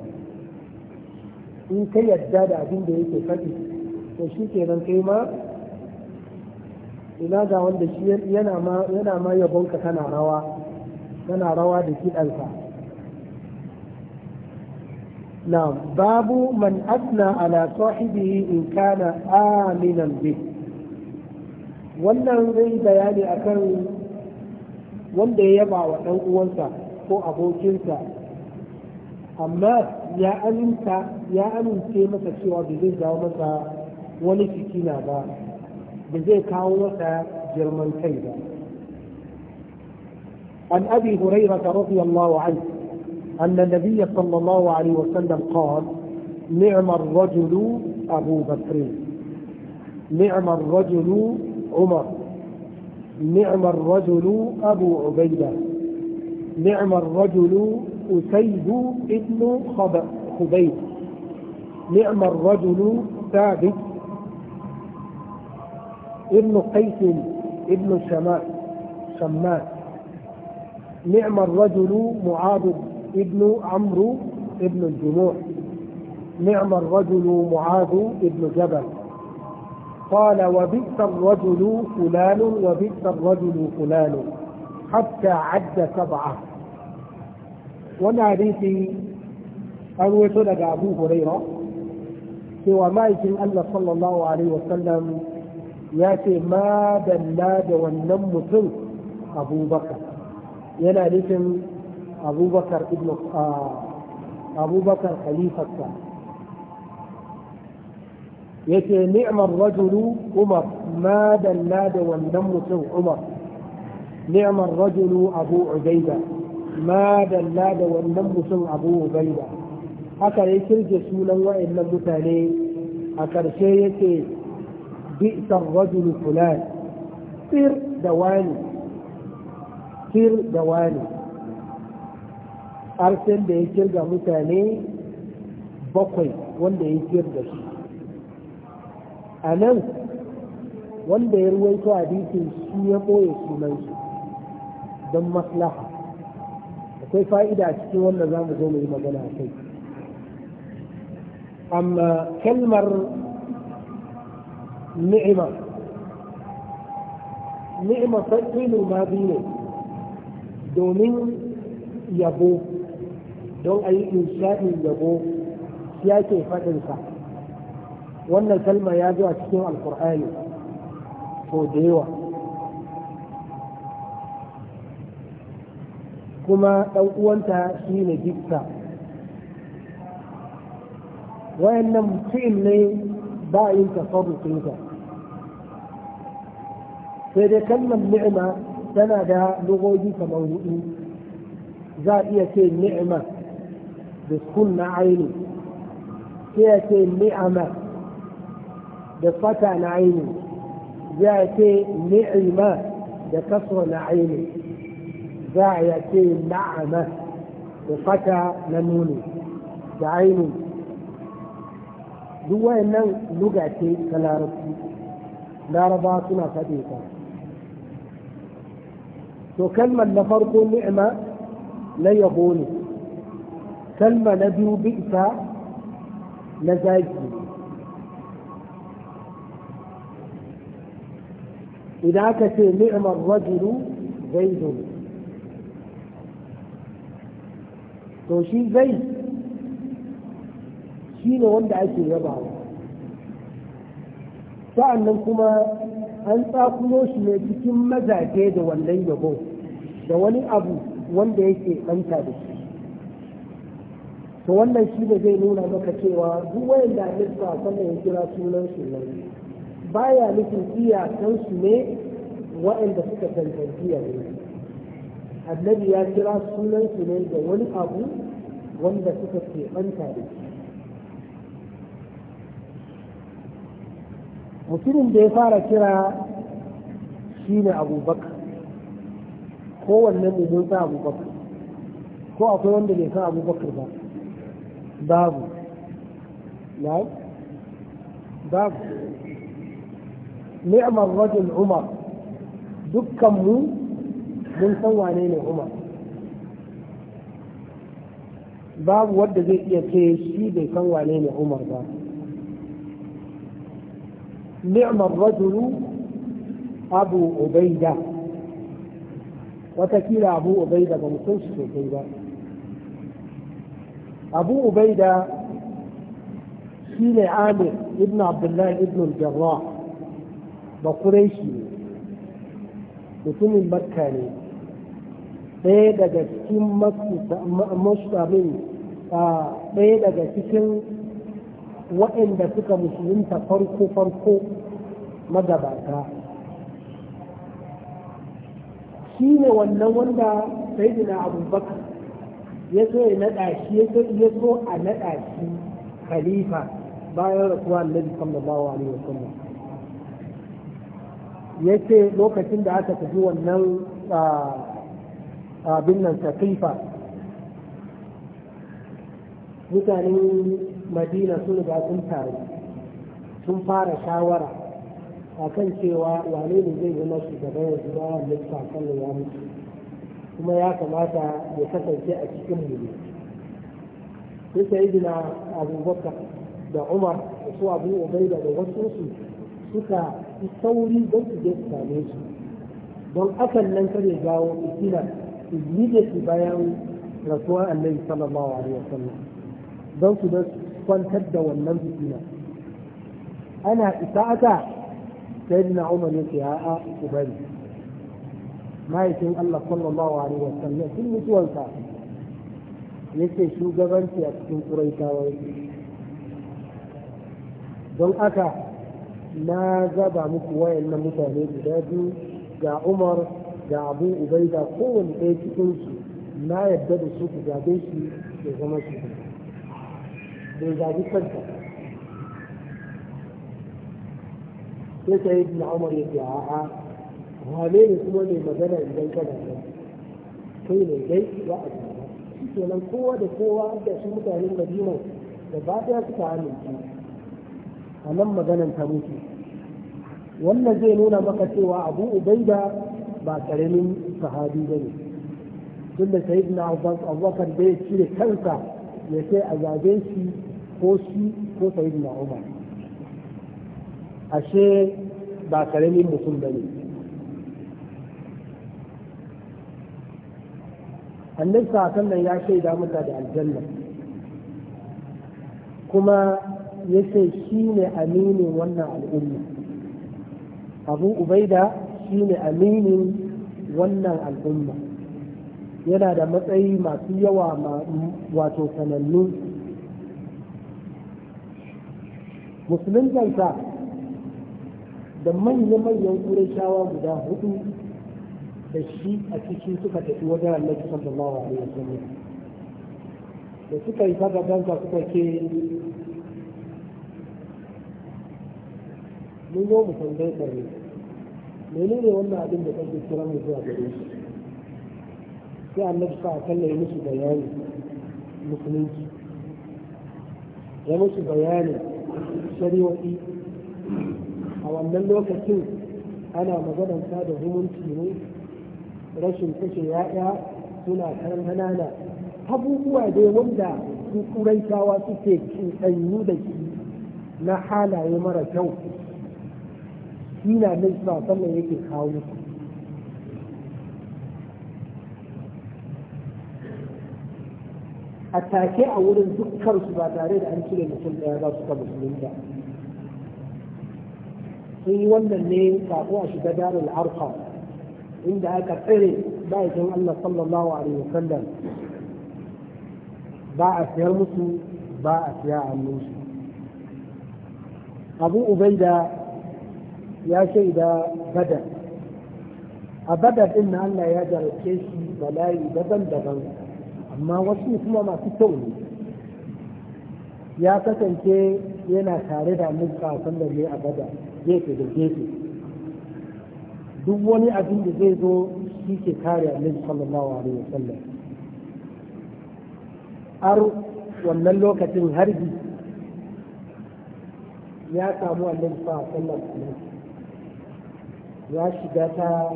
in ka yadda da abin da yake faɗi to shi kenan kai ma ina ga wanda shi yana ma yabonka kana rawa kana rawa da kiɗansa na babu man asna ala sahibihi in kana aminan bihi wannan zai bayani akan wanda ya yaba wa ɗan uwansa ko abokinsa amma ya aminta ya amince masa cewa ba zai jawo masa wani fitina ba ba zai kawo masa girman kai ba عن ابي هريره رضي الله عنه ان النبي صلى الله عليه وسلم قال نعم الرجل ابو بكر نعم الرجل عمر نعم الرجل أبو عبيدة نعم الرجل أسيد ابن خبيب نعم الرجل ثابت ابن قيس ابن شماس شماس نعم الرجل معاذ ابن عمرو ابن الجموع نعم الرجل معاذ ابن جبل قال وبئس الرجل فلان وبئس الرجل فلان حتى عد سبعه وانا ريتي ان وصل ابو هريره سوى ما يجري ان صلى الله عليه وسلم ياتي ما دلاد والنم ابو بكر يلا ريتم ابو بكر ابن آه، ابو بكر خليفه كان yace ni'mar rajulu umar ma dalla da wannan mutum umar ni'mar rajulu abu ubaida ma dalla da wannan mutum abu ubaida haka ya kirje sunan wa'annan mutane a karshe yake bi'sar rajulu fulan sir da wani sir da wani arsin da ya kirga mutane bakwai wanda ya kirga shi a nan wanda ya ruwaito hadisin shi ya ɓoye sunan shi don maslaha akwai fa'ida a cikin wanda za mu zo mu yi magana a kai amma kalmar ni'ima ni'ima fa'ilu ma ne domin yabo don a yi yabo ya ke faɗinsa wannan kalma ya zo a cikin alkur'ani ko da yawa kuma ɗan uwanta shi ne dikta wayannan fi'il ne ba yin tasarrufin sai dai kalmar ni'ima tana da lugogi kamar hudu za a iya ce ni'ima da sunna aini sai ya ce ni'ama بقطع نعيم ياتي نعمة بكسر عيني جاء ياتي نعمة بقطع نمون نعيم دو ان لغتي كلا ربي لا رضا سنا فديك تو كلمة لفرق نعمة لا يقول كلمة نبي بئس لزاجي idan aka ce ni'mar rajulu zaidu to shi zai shi ne wanda ake yabawa sa'annan kuma an tsakulo shi ne cikin mazaje da wannan yabo da wani abu wanda yake ɗanta da shi to wannan shi da zai nuna maka cewa duk wayanda a nisa sannan ya kira sunan shi ne baya nufin iyakansu ne waɗanda suka a ne annabi ya kira sunansu ne da wani abu wanda suka keɓanta da shi mutumin da ya fara kira shi ne abubakar kowanne mu mun sa abubakar ko akwai wanda bai sa abubakar ba babu babu ni'mar rajul umar dukkan mu mun san wane umar babu wanda zai iya ce shi bai san wane ne umar ba ni'mar rajulu abu ubaida watakila abu ubaida ba sosai ba amir ibn abdullahi ibn ba kureshi ne mutumin barka ne ɗaya daga cikin masu ɗaya daga cikin waɗanda suka musulunta farko-farko magabata shi ne wannan wanda sai sayidina abubakar ya so ya naɗa shi ya so a naɗa shi khalifa bayan rasuwa annabi sallallahu alaihi ya lokacin da aka tafi wannan abin nan sakifa mutanen madina sun ga sun taru sun fara shawara a kan cewa wane ne zai masu gaba yanzu na wanda ya kan ya mutu kuma ya kamata ya kasance a cikin mu ne sai idina abubakar da umar da su abu ubai da wasu su suka su sauri don su je su same shi don akan nan kare jawo fitina immediately bayan rasuwar annabi sallallahu alaihi wasallam don su don kwantar da wannan fitina ana isa aka sai na umar yake ya'a ubari Mahaifin Allah sallallahu alaihi wasallam sun mutuwansa yake shugabanci a cikin ƙuraitawa don aka na zaba muku nan mutane guda biyu ga umar ga abu da kowane ɗaya cikin su na yadda da su ku zabe shi ya zama su bai zabi kanta sai ta yi na umar ya ce a wane ne kuma mai magana idan kana nan kai ne dai za a zama shi kenan kowa da kowa da su mutanen madina da ba ta suka amince a nan maganan ta mutu wannan zai nuna maka cewa abu ubaida ba karamin sahabi bane. ne tun da sai na abubakar da ya cire kansa ya sai a zabe shi ko shi ko umar ashe ba karamin mutum bane. ne annabi sa nan ya shaida maka da aljanna kuma shi shine aminin wannan al'umma abu ubaida shine aminin wannan al'umma yana da matsayi masu yawa wato sanannu musuluntansa da manya-manyan ƙurashawa guda hudu da shi a ciki suka tafi wajen annabi sallallahu alaihi wasallam da suka yi saka suka ke mun zo mu tambaye mene ne menene wannan abin da kake kira mu zuwa gare shi sai annabi sa kalla ya musu bayani musulunci ya musu bayani shari'o'i a wannan lokacin ana ta da zumunci ne rashin kashe ya'ya suna karan hanana abubuwa dai wanda su turancawa suke cuɗanyu da shi na halaye mara kyau shi na suna sannan yake kawo muku a take a wurin dukkan su ba tare da an cire mutum ɗaya ba su ka ba sun yi wannan ne kafin a shiga darul arqa inda aka tsire bayan Allah sallallahu alaihi wasallam ba a siyar musu ba a siya a nusu abu ubaida ya shaida badar a badar din na Allah ya jarabce shi bala'i daban-daban amma wasu kuma masu kyau ne ya kasance yana tare da annabi kafin da ne a badar gefe da gefe duk wani abin da zai zo shi ke kare nan sallallahu alaihi wasallam har wannan lokacin harbi ya samu a nan sallallahu alaihi wasallam ya shiga ta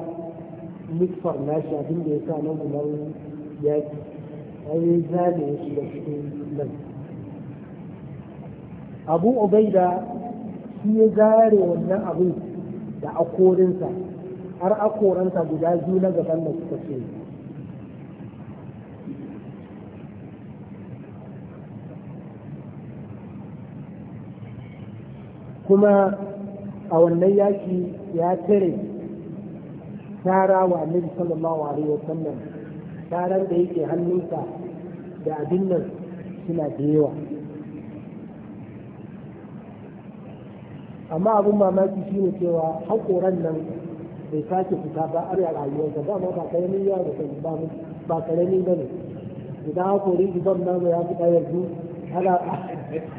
nufar nashi abin da ya sa nan gudan yaki ai zane ya shiga cikin nan abu ubaida shi ya zare wannan abin da akorinsa har akoransa guda biyu na gaban da suka ce kuma a wannan yaki ya tare tara wa annabi sallallahu alaihi wasallam tarar da yake hannunsa da abin nan suna da yawa amma abin mamaki shine cewa haƙoran nan bai sake fita ba a rayuwarsa ba ma ba karamin yaro ba ba karamin ba ne idan haƙorin ban nan ya fita yanzu ana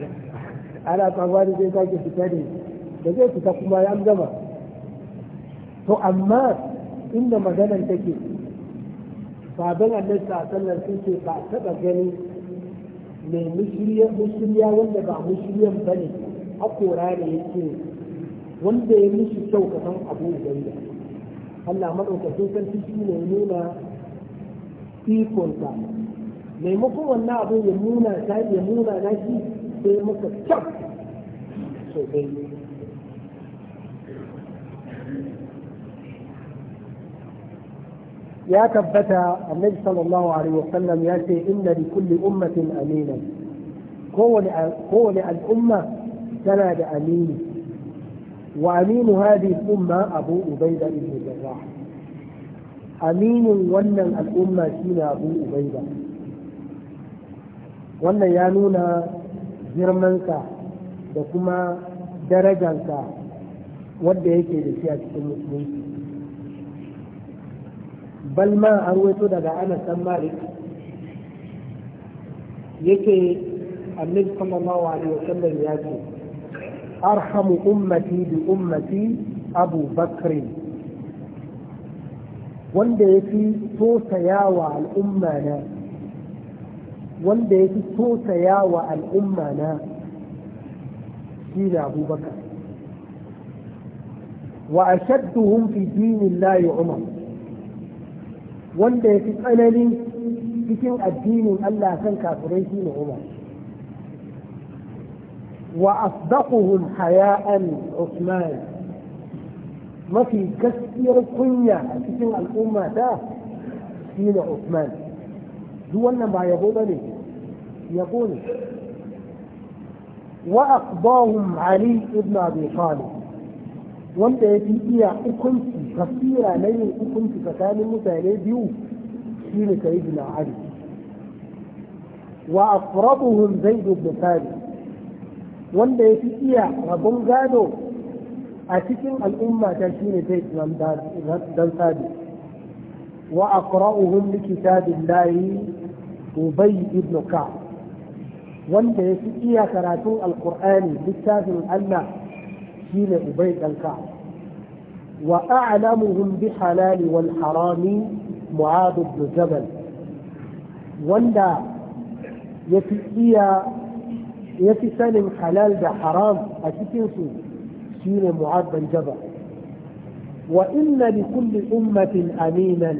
ana tsammanin zai sake fita ne da zai fita kuma ya gama to amma inda maganar take sabon annabi sallallahu sun ce ba taba gani mai mushriya wanda ba mushriyan bane akora ne yake wanda ya mishi kyau ka san abu ubayya Allah madaukakin sarki shi ne nuna ikonsa maimakon wannan abu ya nuna ta ya nuna na shi sai maka kyau sosai ya tabbata annabi sallallahu alaihi wasallam ya ce inna li kulli ummatin amina koWani kowane al'umma tana da amini wa aminu hadhihi umma abu ubaida ibn jarrah aminin wannan al'umma shine abu ubaida wannan ya nuna girmansa da kuma darajansa wanda yake da shi a cikin musulunci bal ma an daga anas dan malik yake annabi sallallahu alaihi wasallam ya ce arhamu ummati bi ummati abu Bakr, wanda ya fi tosayawa al'umma na wanda ya fi tosayawa al'umma na shi wa ashadduhum fi dinin umar wanda ya fi tsanani cikin addinin Allah kan kafirai shi ne Umar wa asdaquhum haya'an Usman mafi gaskiyar kunya a cikin al'umma ta shi ne Usman duk wannan ba yabo ne yabo ne wa aqdahum Ali ibn Abi Talib wanda ya fi iya hukunci tafsira na yin hukunci tsakanin mutane biyu shi ne ka yi bin ali wa afraduhum zaid ibn thabit wanda ya fi iya rabon gado a cikin al'umma ta shi ne zai dan thabit wa aqra'uhum li kitabillahi ubay ibn ka. wanda ya fi iya karatun Alƙur'ani littafin Allah shi ne ubay dan ka'b وأعلمهم بحلال والحرام معاذ بن جبل وندا يفي يتسال حلال ده حرام أتكنسو شين معاذ بن جبل وإن لكل أمة أمينا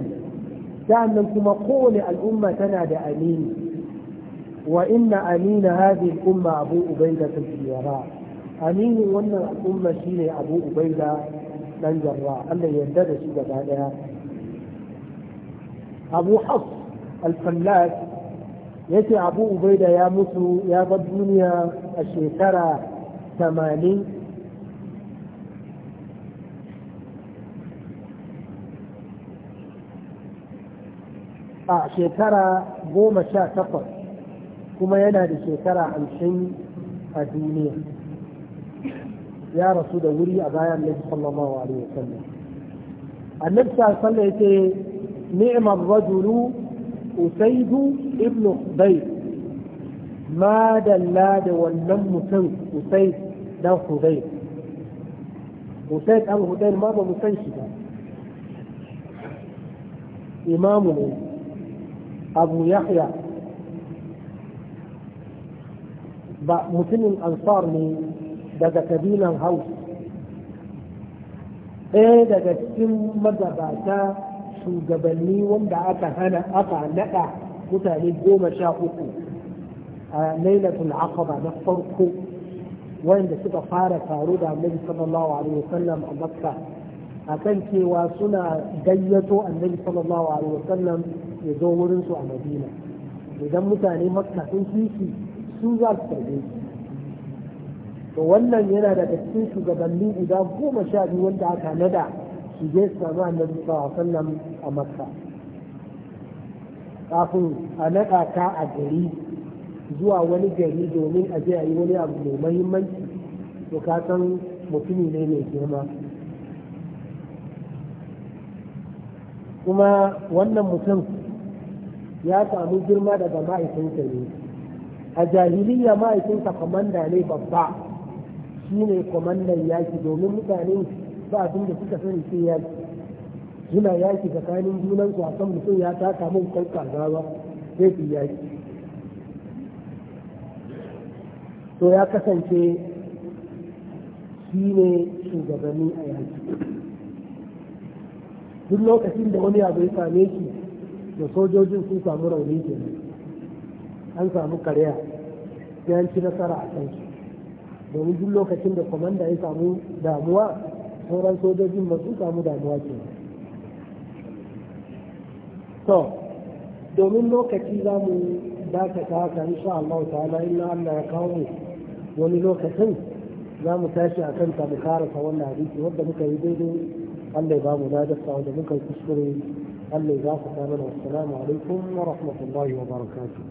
كان لكم قول الأمة تنادى أمين وإن أمين هذه الأمة أبو أبيدة الزيارات أمين وأن الأمة شيري أبو أبيدة dan jarra Allah yarda da shi gaba daya Abu Hafs al-Fallas yace Abu Ubaida ya mutu ya bar duniya a shekara 80 a shekara goma sha takwas kuma yana da shekara hamsin a duniya ya rasu da wuri a bayan nabi sallallahu alaihi wasallam annabi sallallahu alaihi yake ni'mar rajulu usaidu ibn hubayb ma dalla da wannan mutum usaid dan hubayb usaid dan hubayb ma ba mu san shi ba imamu ne abu yahya ba mutumin ansar ne daga kabilan hausa ɗaya daga cikin magabata shugabanni wanda aka hana aka naɗa mutane goma sha uku a lailatul aqaba na farko wanda suka fara taro da annabi sallallahu alaihi wasallam a makka akan cewa suna gayyato annabi sallallahu alaihi wasallam ya zo wurinsu a madina idan mutane makka sun kishi su za su tarbe shi to wannan yana da cikin shugabanni guda goma sha biyu wanda aka nada su je su samu annabi sallallahu a makka kafin a nada ka a gari zuwa wani gari domin a je a yi wani abu mai mahimmanci to ka san mutumi ne mai girma kuma wannan mutum ya samu girma daga ma'aikinsa ne a jahiliya ma'aikinsa kamanda ne babba shi ne kwamandan yaki domin mutane ba abin da suka sani sai yaki suna yaki tsakanin junan su a kan mutum ya taka min kwalka gawa sai fi yaki to ya kasance shi ne shugabanni a yaki duk lokacin da wani abu ya same shi da sojojin sun samu rauni kenan an samu karya sai an ci nasara a kansu domin duk lokacin da kwamanda ya samu damuwa sauran sojojin masu samu damuwa ke to domin lokaci za mu dakata haka insha Allah ta'ala inna Allah ya kawo mu wani lokacin za mu tashi a kanta mu karasa wannan hadisi wanda muka yi daidai Allah ya ba mu ladarsa wanda muka yi kuskure Allah ya ba ku assalamu alaikum wa rahmatullahi wa barakatuh